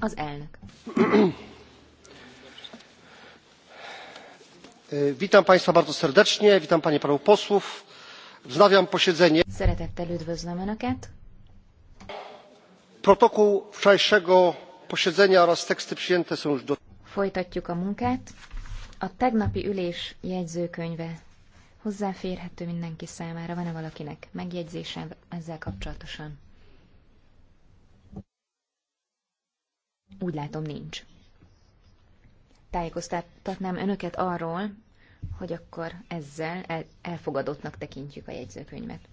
Az elnök. witam państwa bardzo serdecznie witam panie i panów posłów wznawiam posiedzenie. szeretettel üdvözlöm önöket. protokół wczorajszego posiedzenia oraz teksty przyjęte są już do. folytatjuk a munkát. a tegnapi ülés jegyzőkönyve hozzáférhető mindenki számára. Van-e valakinek megjegyzése ezzel kapcsolatosan? Úgy látom, nincs. Tájékoztatnám önöket arról, hogy akkor ezzel elfogadottnak tekintjük a jegyzőkönyvet.